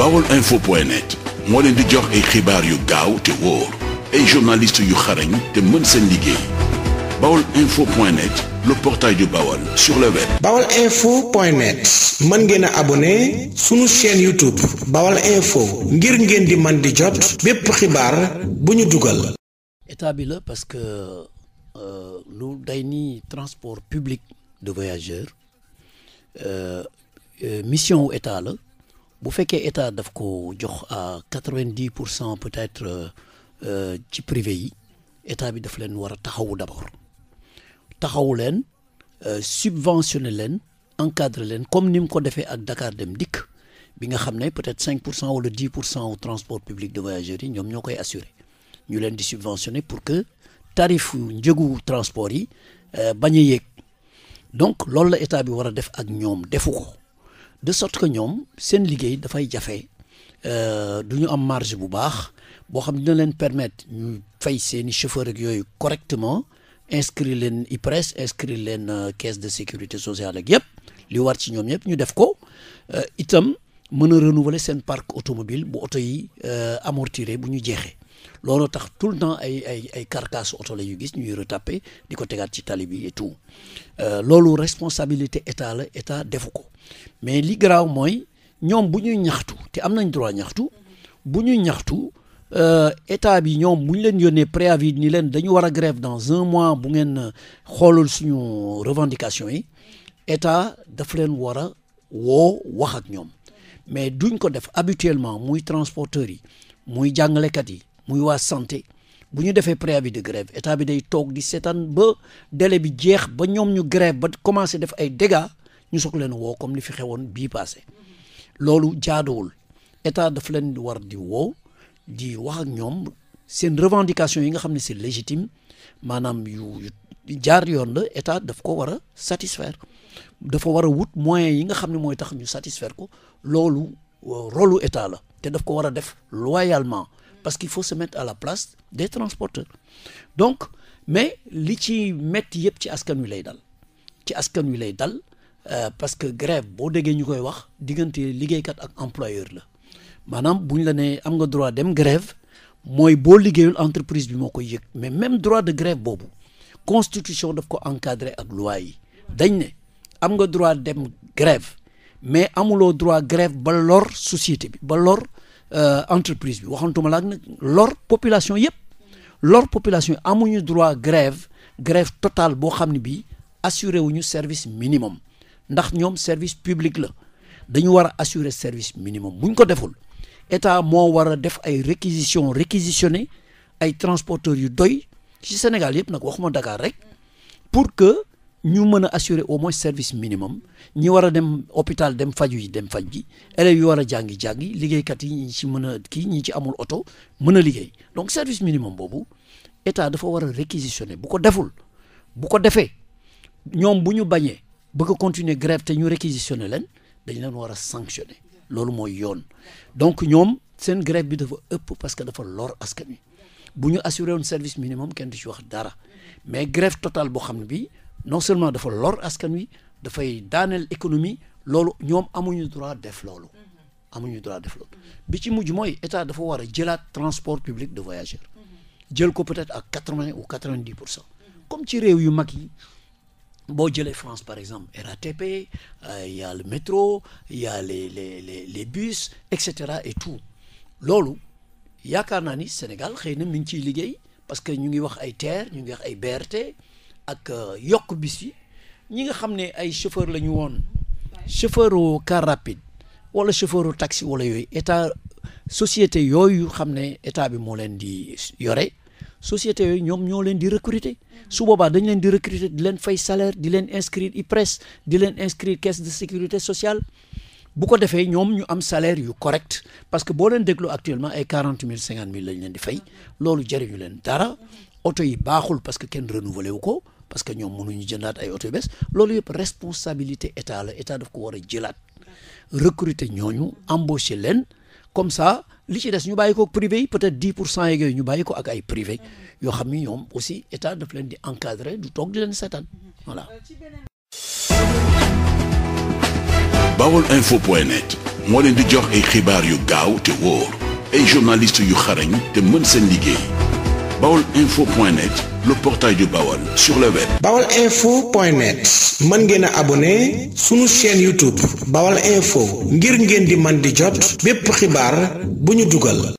bawol info point net moo leen di jox ay xibaar yu gaaw te wóor ay journalistes yu xarañ te mën seen liggéey bawol info point net le du Baol sur le web. Baol info point net mën ngeen a abonné seen chaîne YouTube Baol info ngir ngeen di man di jot bépp xibaar bu ñu dugal. état bi la parce que euh, lu day nii transport public de voyageur euh, euh, mission wu état la. bu fekkee état daf ko jox à quatre vingt pour cent peut-être euh, ci privé yi état bi daf leen war a taxawu d'abord taxawu leen euh, subventionné leen encadré leen comme ni mu ko defee ak Dakar Dem Dikk bi nga xam ne peut-être cinq pour cent wala dix pour cent au transport de voyageurs yi ñoom ñoo koy assurer ñu leen di subventionné pour que tarif njëgu transport yi euh, bañ a yéeg donc loolu la état bi war a def ak ñoom defu ko de sorte que ñoom seen liggéey dafay jafe euh, du ñu am marge bu baax boo xam dina leen permettre ñu fay seeni chauffeur ak yooyu correctement inscrit leen IPRES inscrit leen euh, caisse de sécurité sociale ak yëpp li war ci ñoom yëpp ñu def ko euh, itam mën a renouveler seen parc automobile bu oto yi amortiré bu ñu jeexee loolu tax tout le temps ay ay ay carcasse oto la ñu gis ñuy retaper di ko tegaat ci tali bi et tout euh, loolu responsabilité état la état defu ko mais li garaaw mooy ñoom bu ñuy ñaxtu te am nañ droit ñaxtu bu ñuy ñaxtu euh, état bi ñoom bu ñu leen yónnee préavis ni leen dañu war a grève dans un mois bu ngeen xoolul suñu revendication yi état daf leen war a woo wax ak ñoom mais duñ ko def abituellement muy transporteurs yi muy jàngalekat yi muy waa santé bu ñu defee préavis de grève état bi day toog di seetaan ba délai bi jeex ba ñoom ñu grève ba commencé def ay dégâts ñu soog leen woo comme li fi xewoon bii passé loolu jaaduwul état daf leen war di woo di wax ak ñoom seen revendication yi nga xam ne c'est légitime maanaam yu jaar yoon la état daf ko war a satisfaire dafa war a wut moyens yi nga xam ne mooy tax ñu satisfaire ko loolu euh, rôle état la te daf ko war a def loyalement parce qu'il faut se mettre à la place des transporteurs donc mais li ci metti yëpp ci askan wi lay dal ci askan wi lay dal euh, parce que grève boo déggee ñu koy wax diggante liggéeykat ak employeur la maanaam bu ñu la nee am nga droit dem grève mooy boo liggéeyul entreprise bi moo koy yëg mais même droit de boobu constitution daf ko encadrer ak loi yi dañ am nga droit dem grève mais amuloo droit grève ba lor société bi ba lor Euh, entreprise bi waxantuma laak nag lor population yëpp lor population yi amuñu droit grève grève totale boo xam ne bii wu ñu service minimum ndax ñoom service public la dañu war a assurer service minimum buñ ko deful état moo war a def ay réquisition réquisitionné ay transporteurs yu doy ci Sénégal yëpp nag waxuma Dakar rek pour que ñu mën a assurer au moins service minimum ñi war a dem hôpital dem faju yi dem faj ji élèves yi war a jàngi jàngi liggéeykat yi ñi ci mën a kii ñi ci amul oto mën a liggéey donc service minimum boobu état dafa war a réquisitionner bu ko deful bu ko defee ñoom bu ñu bañee bëgg a continuer grève te ñu réquisitionner leen dañ leen war a sanctionner loolu mooy yoon donc ñoom seen grève bi dafa ëpp parce que dafa lor askan wi bu ñu assuré woon service minimum kenn du ci wax dara mais grève totale boo xam ne bii non seulement dafa lor askan wi dafay daaneel économie loolu ñoom amuñu droit def loolu. Mm-hmm. amuñu droit def bi ci mujj mooy état dafa war a jëlaat transport public de voyageurs. Mm-hmm. jël ko peut-être à quatre-vingts ou quatre-vingt-dix pour cent mm-hmm. comme ci réew yu mag yi. boo jëlee France par exemple RATP euh, y a le métro y a les les les les bus et cetera et tout loolu yaakaar naa ni Sénégal xëy na mi ngi ciy liggéey parce que ñu ngi wax ay TER ñu ngi wax ay BRT ak euh, yokk bis yi ñi nga xam ne ay chauffeur la ñu woon chauffeur u car rapide wala chauffeur u taxi wala yooyu état société yooyu xam ne état bi moo leen di yore société yooyu ñoom ñoo leen di recruter su boobaa dañ leen di recruter di leen fay salaire di leen inscrire IPRES di leen inscrire caisse de sécurité sociale bu ko defee ñoom ñu am salaire yu correct parce que boo leen déglu actuellement ay quarante mille cinquante mille lañ leen di fay loolu jëriñu leen dara oto yi baaxul parce que kenn renouvelé wu ko parce que ñoom mënuñu jëndaat ay oto yu bees loolu yëpp responsabilité état la état daf ko war a jëlaat recruter ñooñu embaucher leen comme ça li ci des ñu bàyyi ko privé yi peut-être dix pour cent yeeg ñu bàyyi ko ak ay privé yoo xam ni ñoom aussi état def leen di encadrer du toog leen seetaan voilà. Euh, bawol info point net moo leen di jox xibaar yu gaaw te wóor ay journalistes yu te mën seen liggéey bawol info point net le portail du Baol sur le info point net mën ngeen a abonné sunu chaîne YouTube Baol info ngir ngeen di man di jot bépp xibaar bu ñu dugal.